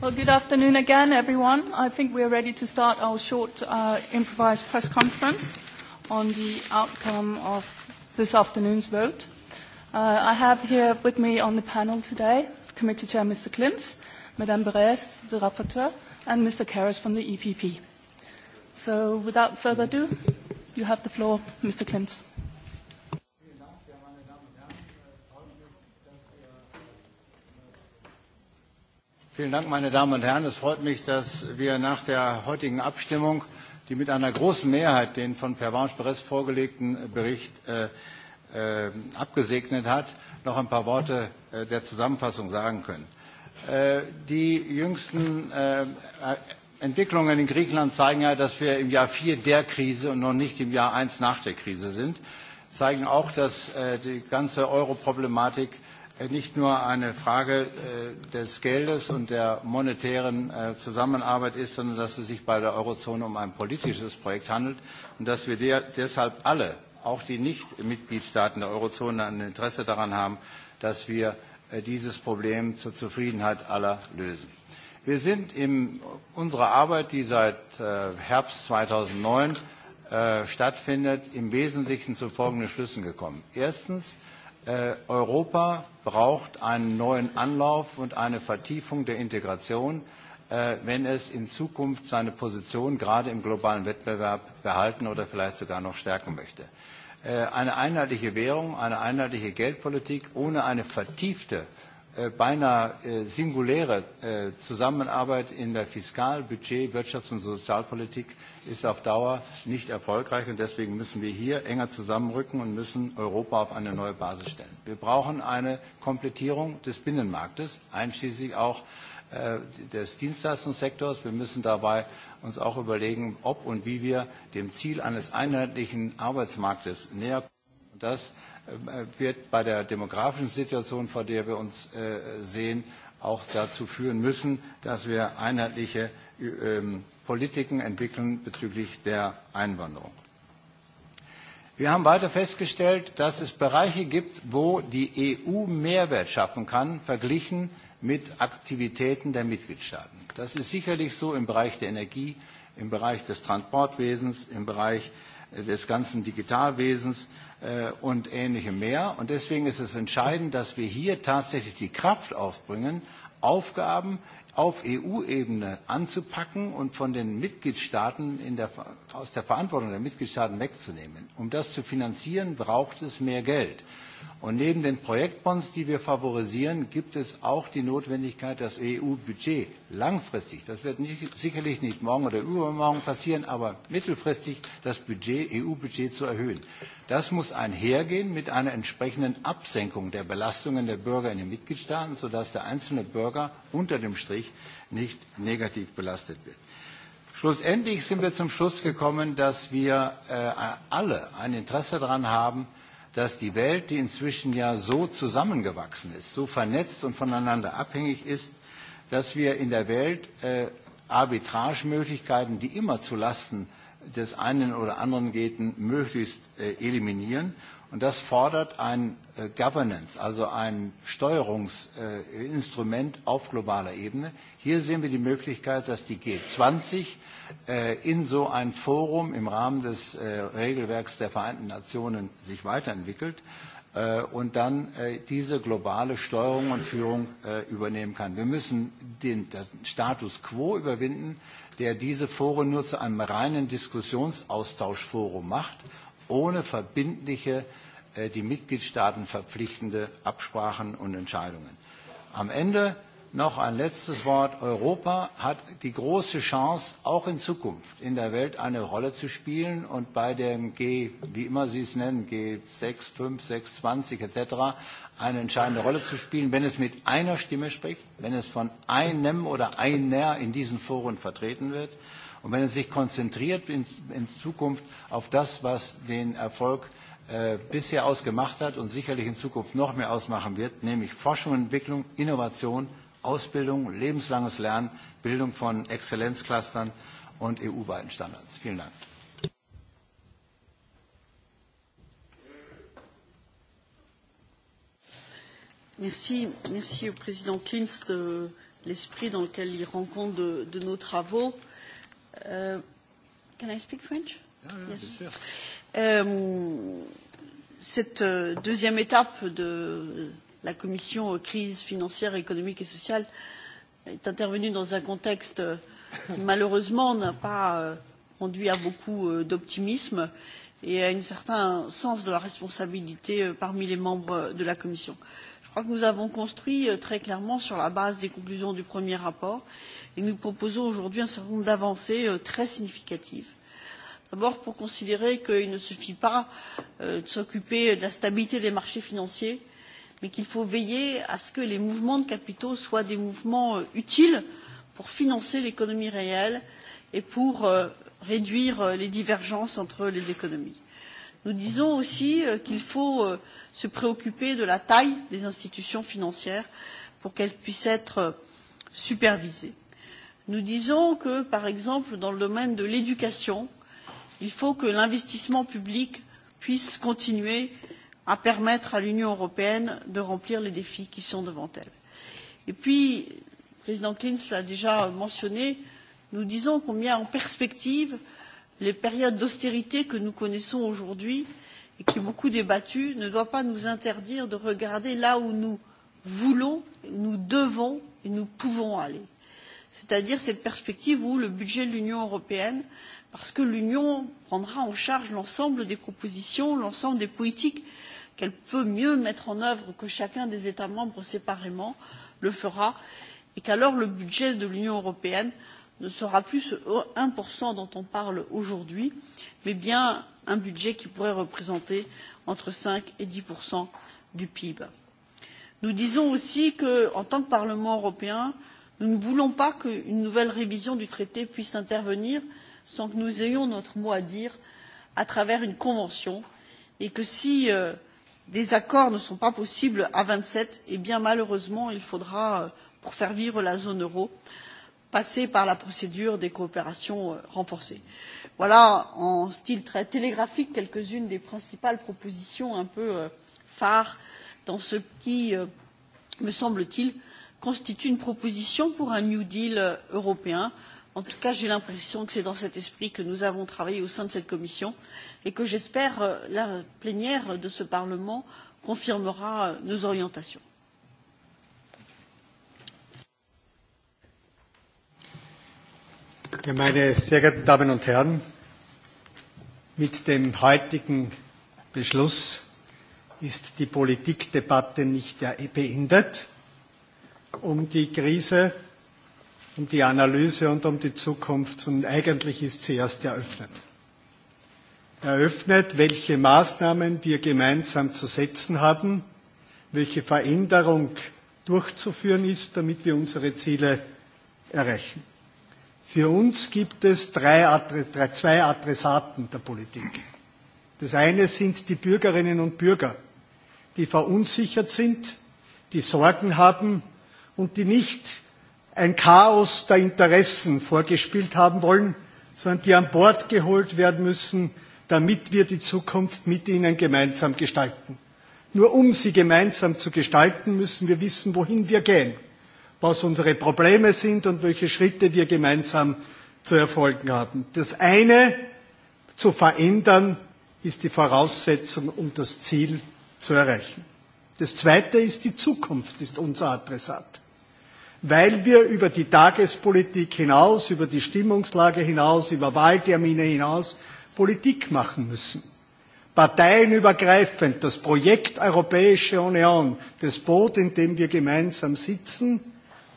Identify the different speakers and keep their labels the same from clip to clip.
Speaker 1: Well, good afternoon again, everyone. I think we are ready to start our short improvised press conference on the outcome of this afternoon's vote. I have here with me on the panel today Committee Chair Mr. Klintz, Madame Beres, the rapporteur, and Mr. Karras from the EPP. So without further ado, you have the floor, Mr. Klintz.
Speaker 2: Vielen Dank, meine Damen und Herren. Es freut mich, dass wir nach der heutigen Abstimmung, die mit einer großen Mehrheit den von Pervanche Perez vorgelegten Bericht abgesegnet hat, noch ein paar Worte der Zusammenfassung sagen können. Die jüngsten Entwicklungen in Griechenland zeigen ja, dass wir im Jahr 4 der Krise und noch nicht im Jahr 1 nach der Krise sind, zeigen auch, dass die ganze Euro-Problematik nicht nur eine Frage des Geldes und der monetären Zusammenarbeit ist, sondern dass es sich bei der Eurozone um ein politisches Projekt handelt und dass wir deshalb alle, auch die Nicht-Mitgliedstaaten der Eurozone, ein Interesse daran haben, dass wir dieses Problem zur Zufriedenheit aller lösen. Wir sind in unserer Arbeit, die seit Herbst 2009 stattfindet, im Wesentlichen zu folgenden Schlüssen gekommen. Erstens, Europa braucht einen neuen Anlauf und eine Vertiefung der Integration, wenn es in Zukunft seine Position gerade im globalen Wettbewerb behalten oder vielleicht sogar noch stärken möchte. Eine einheitliche Währung, eine einheitliche Geldpolitik ohne eine vertiefte beinahe singuläre Zusammenarbeit in der Fiskal-, Budget-, Wirtschafts- und Sozialpolitik ist auf Dauer nicht erfolgreich. Und deswegen müssen wir hier enger zusammenrücken und müssen Europa auf eine neue Basis stellen. Wir brauchen eine Komplettierung des Binnenmarktes, einschließlich auch des Dienstleistungssektors. Wir müssen dabei auch überlegen, ob und wie wir dem Ziel eines einheitlichen Arbeitsmarktes näher kommen wird bei der demografischen Situation, vor der wir uns sehen, auch dazu führen müssen, dass wir einheitliche Politiken entwickeln bezüglich der Einwanderung. Wir haben weiter festgestellt, dass es Bereiche gibt, wo die EU Mehrwert schaffen kann, verglichen mit Aktivitäten der Mitgliedstaaten. Das ist sicherlich so im Bereich der Energie, im Bereich des Transportwesens, im Bereich des ganzen Digitalwesens, und ähnlichem mehr. Und deswegen ist es entscheidend, dass wir hier tatsächlich die Kraft aufbringen, Aufgaben auf EU-Ebene anzupacken und von den Mitgliedstaaten in der, aus der Verantwortung der Mitgliedstaaten wegzunehmen. Um das zu finanzieren, braucht es mehr Geld. Und neben den Projektbonds, die wir favorisieren, gibt es auch die Notwendigkeit, das EU-Budget langfristig, das wird sicherlich nicht morgen oder übermorgen passieren, aber mittelfristig das EU-Budget zu erhöhen. Das muss einhergehen mit einer entsprechenden Absenkung der Belastungen der Bürger in den Mitgliedstaaten, sodass der einzelne Bürger unter dem Strich nicht negativ belastet wird. Schlussendlich sind wir zum Schluss gekommen, dass wir alle ein Interesse daran haben, dass die Welt, die inzwischen ja so zusammengewachsen ist, so vernetzt und voneinander abhängig ist, dass wir in der Welt Arbitragemöglichkeiten, die immer zulasten des einen oder anderen gehen, möglichst eliminieren Und das fordert ein Governance, also ein Steuerungsinstrument auf globaler Ebene. Hier sehen wir die Möglichkeit, dass die G20 in so ein Forum im Rahmen des Regelwerks der Vereinten Nationen sich weiterentwickelt und dann diese globale Steuerung und Führung übernehmen kann. Wir müssen den Status quo überwinden, der diese Foren nur zu einem reinen Diskussionsaustauschforum macht ohne verbindliche, die Mitgliedstaaten verpflichtende Absprachen und Entscheidungen. Am Ende noch ein letztes Wort. Europa hat die große Chance, auch in Zukunft in der Welt eine Rolle zu spielen. Und bei dem G, wie immer Sie es nennen, G6, 5, 6, 20 etc., eine entscheidende Rolle zu spielen, wenn es mit einer Stimme spricht, wenn es von einem oder einer in diesen Foren vertreten wird. Und wenn es sich konzentriert in Zukunft auf das, was den Erfolg bisher ausgemacht hat und sicherlich in Zukunft noch mehr ausmachen wird, nämlich Forschung und Entwicklung, Innovation, Ausbildung, lebenslanges Lernen, Bildung von Exzellenzclustern und EU-weiten Standards. Vielen Dank.
Speaker 1: l'esprit dans lequel il rencontre de nos travaux. Can I speak French? Yes. Cette deuxième étape de la commission crise financière, économique et sociale est intervenue dans un contexte qui malheureusement n'a pas conduit à beaucoup d'optimisme et à un certain sens de la responsabilité parmi les membres de la commission. Je crois que nous avons construit très clairement sur la base des conclusions du premier rapport et nous proposons aujourd'hui un certain nombre d'avancées très significatives. D'abord pour considérer qu'il ne suffit pas de s'occuper de la stabilité des marchés financiers, mais qu'il faut veiller à ce que les mouvements de capitaux soient des mouvements utiles pour financer l'économie réelle et pour réduire les divergences entre les économies. Nous disons aussi qu'il faut se préoccuper de la taille des institutions financières pour qu'elles puissent être supervisées nous disons que par exemple dans le domaine de l'éducation il faut que l'investissement public puisse continuer à permettre à l'union européenne de remplir les défis qui sont devant elle. et puis le président klinz l'a déjà mentionné nous disons combien en perspective les périodes d'austérité que nous connaissons aujourd'hui et qui sont beaucoup débattues ne doivent pas nous interdire de regarder là où nous voulons nous devons et nous pouvons aller c'est-à-dire cette perspective où le budget de l'Union européenne, parce que l'Union prendra en charge l'ensemble des propositions, l'ensemble des politiques qu'elle peut mieux mettre en œuvre que chacun des États membres séparément le fera, et qu'alors le budget de l'Union européenne ne sera plus ce 1% dont on parle aujourd'hui, mais bien un budget qui pourrait représenter entre 5 et 10% du PIB. Nous disons aussi qu'en tant que Parlement européen, nous ne voulons pas qu'une nouvelle révision du traité puisse intervenir sans que nous ayons notre mot à dire à travers une convention et que si des accords ne sont pas possibles à vingt sept eh bien malheureusement il faudra pour faire vivre la zone euro passer par la procédure des coopérations renforcées. voilà en style très télégraphique quelques unes des principales propositions un peu phares dans ce qui me semble t il constitue une proposition pour un New Deal européen. En tout cas, j'ai l'impression que c'est dans cet esprit que nous avons travaillé au sein de cette commission et que j'espère la plénière de ce Parlement confirmera nos orientations.
Speaker 3: Meine sehr geehrten Damen und Herren, mit dem heutigen Beschluss ist die Politikdebatte nicht beendet um die Krise, um die Analyse und um die Zukunft. Und eigentlich ist sie erst eröffnet. Eröffnet, welche Maßnahmen wir gemeinsam zu setzen haben, welche Veränderung durchzuführen ist, damit wir unsere Ziele erreichen. Für uns gibt es zwei Adressaten der Politik. Das eine sind die Bürgerinnen und Bürger, die verunsichert sind, die Sorgen haben, und die nicht ein Chaos der Interessen vorgespielt haben wollen, sondern die an Bord geholt werden müssen, damit wir die Zukunft mit ihnen gemeinsam gestalten. Nur um sie gemeinsam zu gestalten, müssen wir wissen, wohin wir gehen, was unsere Probleme sind und welche Schritte wir gemeinsam zu erfolgen haben. Das eine zu verändern ist die Voraussetzung, um das Ziel zu erreichen. Das zweite ist, die Zukunft ist unser Adressat weil wir über die Tagespolitik hinaus, über die Stimmungslage hinaus, über Wahltermine hinaus Politik machen müssen. Parteienübergreifend das Projekt Europäische Union, das Boot, in dem wir gemeinsam sitzen,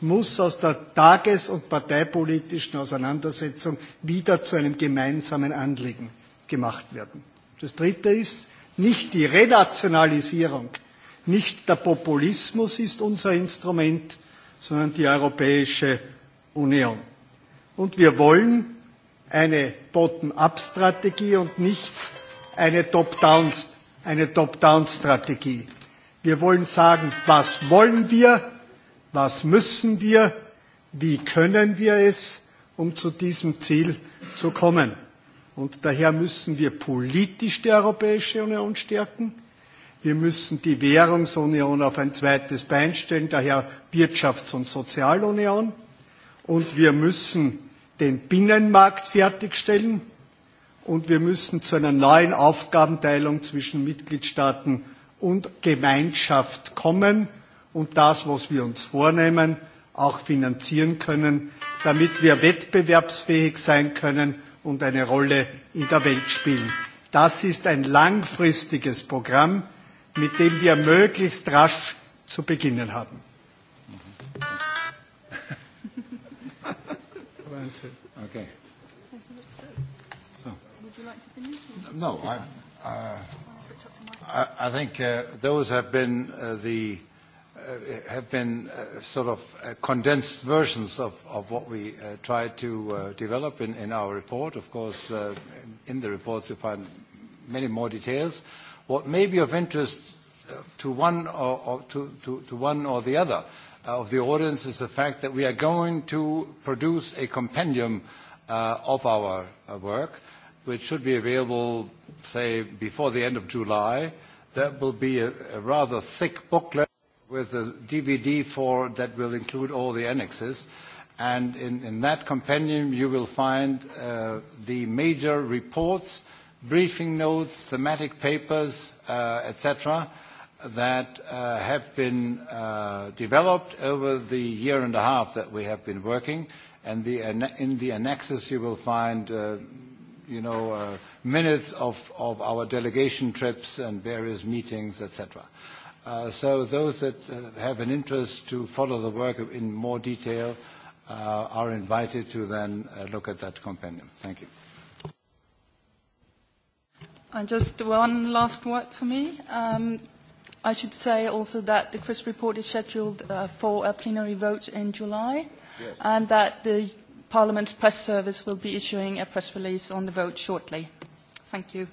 Speaker 3: muss aus der tages- und parteipolitischen Auseinandersetzung wieder zu einem gemeinsamen Anliegen gemacht werden. Das Dritte ist, nicht die Renationalisierung, nicht der Populismus ist unser Instrument, sondern die Europäische Union. Und wir wollen eine Bottom-up-Strategie und nicht eine Top-down-Strategie. Wir wollen sagen, was wollen wir, was müssen wir, wie können wir es, um zu diesem Ziel zu kommen. Und daher müssen wir politisch die Europäische Union stärken Wir müssen die Währungsunion auf ein zweites Bein stellen, daher Wirtschafts- und Sozialunion. Und wir müssen den Binnenmarkt fertigstellen. Und wir müssen zu einer neuen Aufgabenteilung zwischen Mitgliedstaaten und Gemeinschaft kommen und das, was wir uns vornehmen, auch finanzieren können, damit wir wettbewerbsfähig sein können und eine Rolle in der Welt spielen. Das ist ein langfristiges Programm mit dem wir möglichst rasch zu beginnen haben.
Speaker 2: No, I, I, think uh, those have been uh, the uh, have been uh, sort of uh, condensed versions of, of what we uh, tried to uh, develop in, in our report. Of course, uh, in the reports you find many more details what may be of interest to one or to one or the other of the audience is the fact that we are going to produce a compendium of our work, which should be available, say, before the end of July. That will be a rather thick booklet with a DVD for that will include all the annexes. And in that compendium you will find the major reports briefing notes, thematic papers, etc., that have been developed over the year and a half that we have been working. And in the annexes you will find, you know, minutes of our delegation trips and various meetings, etc. So those that have an interest to follow the work in more detail are invited to then look at that compendium. Thank you
Speaker 1: just one last word for me. I should say also that the CRISP report is scheduled for a plenary vote in July and that the Parliament's press service will be issuing a press release on the vote shortly. Thank you.